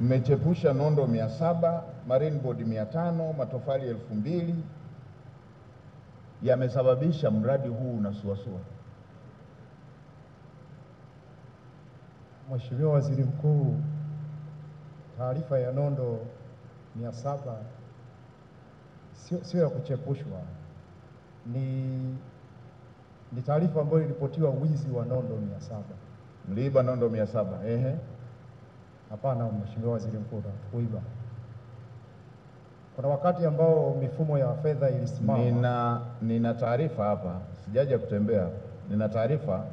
mmechepusha me, nondo mia saba marine board mia tano matofali elfu mbili yamesababisha mradi huu unasuasua. Mheshimiwa Waziri Mkuu, taarifa ya nondo mia saba sio sio ya kuchepushwa, ni, ni taarifa ambayo ilipotiwa wizi wa nondo mia saba mliiba na ndo mia saba. Ehe, hapana Mheshimiwa Waziri Mkuu, hatukuiba. Kuna wakati ambao mifumo ya fedha ilisimama. Nina, nina taarifa hapa, sijaja kutembea, nina taarifa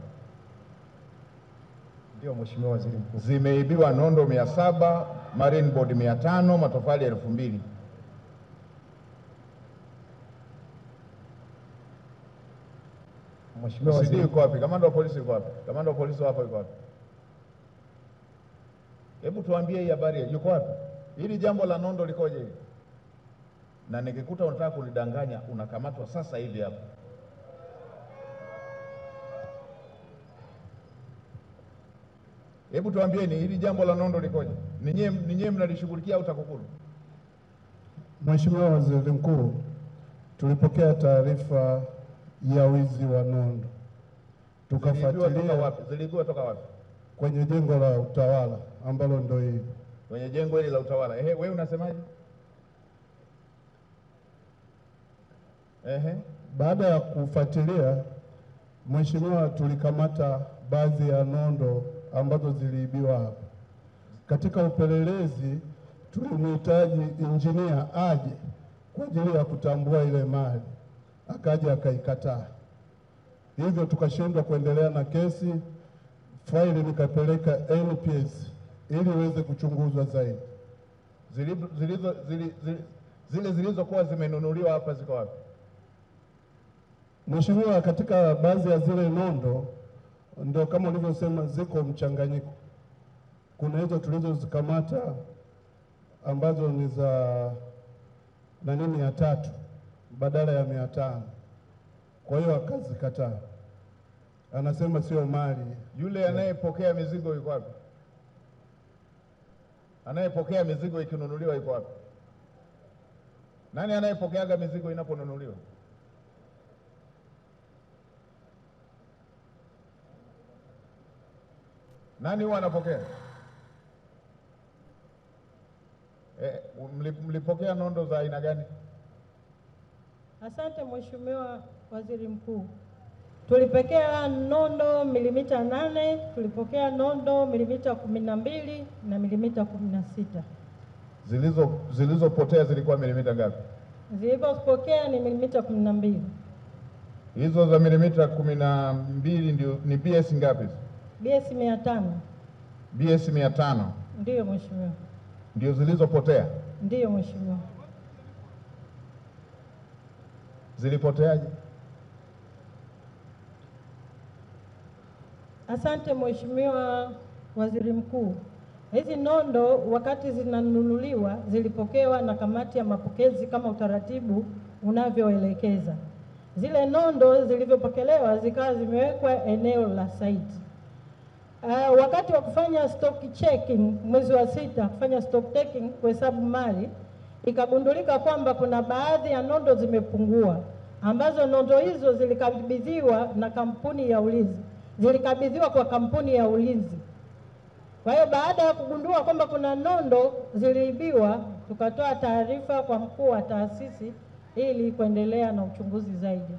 ndio Mheshimiwa Waziri Mkuu, zimeibiwa nondo mia saba, Marine Board mia tano, matofali elfu mbili. Mheshimiwa Waziri yuko wapi? Kamanda wa polisi yuko wapi? Kamanda wa polisi hapa yuko wapi? Hebu tuambie hii habari yuko wapi? Hili jambo la nondo likoje hili? Na nikikuta unataka kunidanganya unakamatwa sasa hivi hapo. Hebu tuambieni hili jambo la nondo likoje? Ninyewe mnalishughulikia au TAKUKURU? Mheshimiwa Waziri Mkuu, tulipokea taarifa ya wizi wa nondo, tukafuatilia ziliibiwa toka wapi? Kwenye jengo la utawala ambalo ndio hili, kwenye jengo hili la utawala. Ehe, wewe unasemaje? Ehe, baada ya kufuatilia mheshimiwa, tulikamata baadhi ya nondo ambazo ziliibiwa hapa. Katika upelelezi tulimhitaji injinia aje kwa ajili ya kutambua ile mali akaja akaikataa, hivyo tukashindwa kuendelea na kesi. Faili nikapeleka NPS ili iweze kuchunguzwa zaidi. Zilizo, zilizo, zili, zili, zile zilizokuwa zimenunuliwa hapa ziko wapi? Mheshimiwa, katika baadhi ya zile nondo ndio kama ulivyosema ziko mchanganyiko. Kuna hizo tulizozikamata ambazo ni za na nini ya tatu badala ya mia tano. Kwa hiyo akazikataa, anasema sio mali. Yule anayepokea mizigo yuko wapi? Anayepokea mizigo ikinunuliwa yuko wapi? Nani anayepokeaga mizigo inaponunuliwa? Nani huwa anapokea? E, mlipokea nondo za aina gani? Asante Mheshimiwa Waziri Mkuu. Tulipokea nondo milimita nane, tulipokea nondo milimita kumi na mbili na milimita kumi na sita. Zilizo zilizopotea zilikuwa milimita ngapi? Zilizopokea ni milimita kumi na mbili. Hizo za milimita kumi na mbili ndio ni BS ngapi? BS mia tano. BS mia tano. Ndiyo Mheshimiwa. Ndio zilizopotea? Ndiyo Mheshimiwa zilipoteaje? Asante Mheshimiwa Waziri Mkuu. Hizi nondo wakati zinanunuliwa zilipokewa na kamati ya mapokezi kama utaratibu unavyoelekeza. Zile nondo zilivyopokelewa zikawa zimewekwa eneo la site. Uh, wakati wa kufanya stock checking mwezi wa sita, kufanya stock taking, kuhesabu mali ikagundulika kwamba kuna baadhi ya nondo zimepungua, ambazo nondo hizo zilikabidhiwa na kampuni ya ulinzi, zilikabidhiwa kwa kampuni ya ulinzi. Kwa hiyo baada ya kugundua kwamba kuna nondo ziliibiwa, tukatoa taarifa kwa mkuu wa taasisi ili kuendelea na uchunguzi zaidi.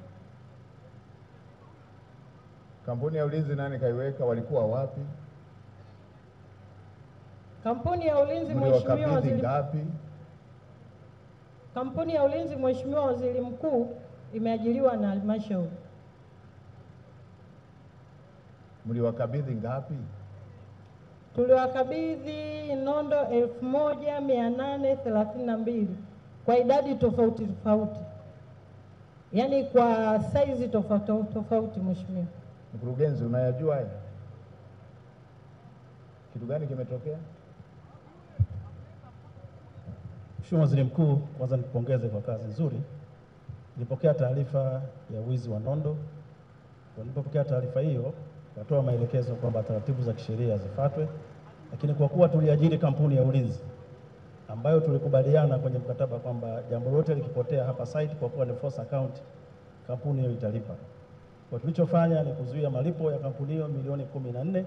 Kampuni ya ulinzi nani kaiweka? Walikuwa wapi? Kampuni ya ulinzi mheshimiwa, zili... ngapi? Kampuni ya ulinzi, Mheshimiwa Waziri Mkuu, imeajiriwa na halmashauri. Mliwakabidhi ngapi? Tuliwakabidhi nondo 1832 kwa idadi tofauti tofauti, yaani kwa saizi tofauti tofauti. Mheshimiwa Mkurugenzi, unayajua haya? Kitu gani kimetokea? Mheshimiwa Waziri Mkuu, kwanza nikupongeze kwa kazi nzuri. Nilipokea taarifa ya wizi wa nondo. Nilipokea taarifa hiyo, natoa maelekezo kwamba taratibu za kisheria zifuatwe, lakini kwa kuwa tuliajiri kampuni ya ulinzi ambayo tulikubaliana kwenye mkataba kwamba jambo lote likipotea hapa site, kwa kuwa ni force account, kampuni hiyo italipa. Kwa tulichofanya ni kuzuia malipo ya kampuni hiyo milioni kumi na nne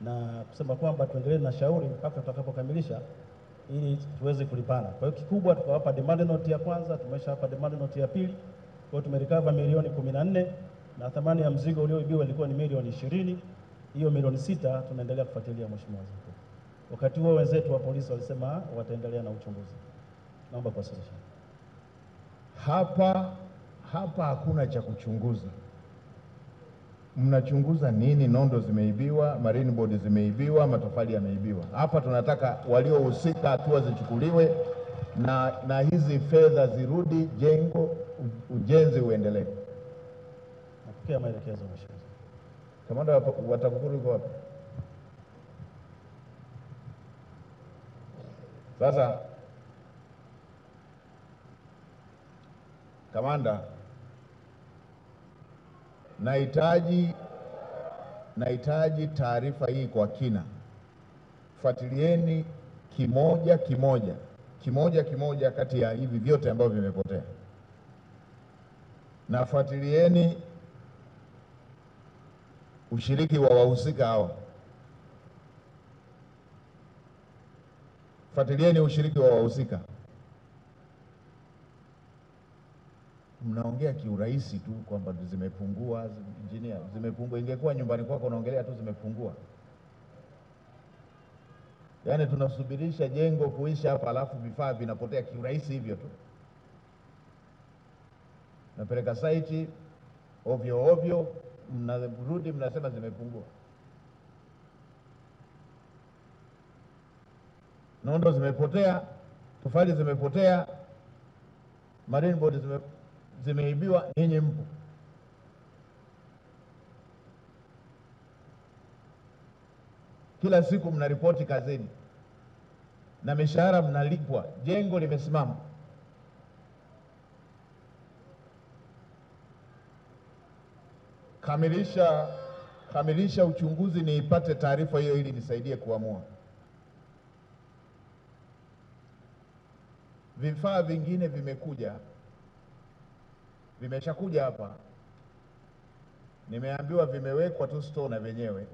na kusema kwamba tuendelee na shauri mpaka tutakapokamilisha ili tuweze kulipana. Kwa hiyo kikubwa tukawapa demand note ya kwanza, tumeshawapa demand note ya pili, kwa hiyo tumerecover milioni 14 na thamani ya mzigo ulioibiwa ilikuwa ni milioni 20. Hiyo milioni sita tunaendelea kufuatilia, Mheshimiwa Waziri Mkuu. Wakati huo wenzetu wa polisi walisema wataendelea na uchunguzi. Naomba kuwasilisha hapa. Hapa hakuna cha kuchunguza mnachunguza nini? Nondo zimeibiwa, marine board zimeibiwa, matofali yameibiwa. Hapa tunataka waliohusika hatua zichukuliwe na, na hizi fedha zirudi jengo, ujenzi uendelee. Napokea maelekezo mheshimiwa. Kamanda wa TAKUKURU yuko wapi? Sasa kamanda Nahitaji nahitaji taarifa hii kwa kina. Fuatilieni kimoja kimoja kimoja kimoja kati ya hivi vyote ambavyo vimepotea, na fuatilieni ushiriki wa wahusika hawa, fuatilieni ushiriki wa wahusika. mnaongea kiurahisi tu kwamba zimepungua, engineer, zimepungua. Ingekuwa nyumbani kwako unaongelea tu zimepungua. Yaani tunasubirisha jengo kuisha hapa, alafu vifaa vinapotea kiurahisi hivyo tu, napeleka saiti ovyo ovyo, mnarudi mnasema zimepungua. Nondo zimepotea, tofali zimepotea, marine board zimepotea zimeibiwa ninyi mpo. Kila siku mnaripoti kazini na mishahara mnalipwa, jengo limesimama. Kamilisha, kamilisha uchunguzi niipate taarifa hiyo ili nisaidie kuamua. Vifaa vingine vimekuja vimeshakuja hapa, nimeambiwa vimewekwa tu store na vyenyewe,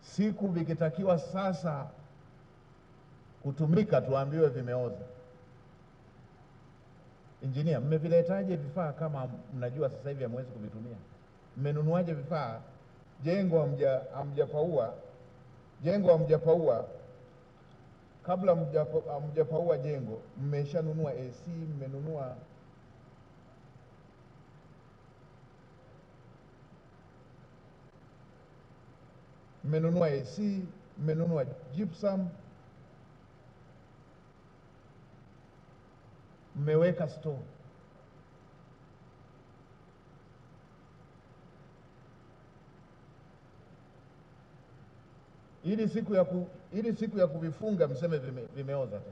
siku vikitakiwa sasa kutumika tuambiwe vimeoza. Injinia, mmeviletaje vifaa kama mnajua sasa hivi hamwezi kuvitumia? Mmenunuaje vifaa? Jengo hamjapaua, jengo hamjapaua, kabla hamjapaua jengo mmeshanunua AC, mmenunua mmenunua AC, mmenunua gypsum, mmeweka store. Ili siku ya ku, ili siku ya kuvifunga mseme vime, vimeoza tu.